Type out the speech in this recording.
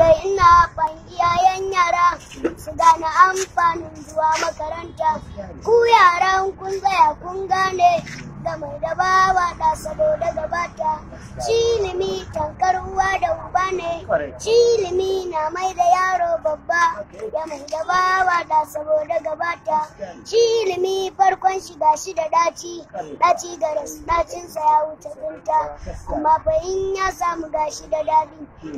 dai ina iyayen yara su gane amfanin zuwa makaranta ku yaran kun tsaya kun gane da mai da bawa da saboda gabata cilimi tankar ruwa da uba ne cilimi na mai da yaro babba ya mai da bawa da saboda gabata cilimi farkon shiga shi da daci daci ga dacin ya wuce tunta amma fa ya samu gashi da dadi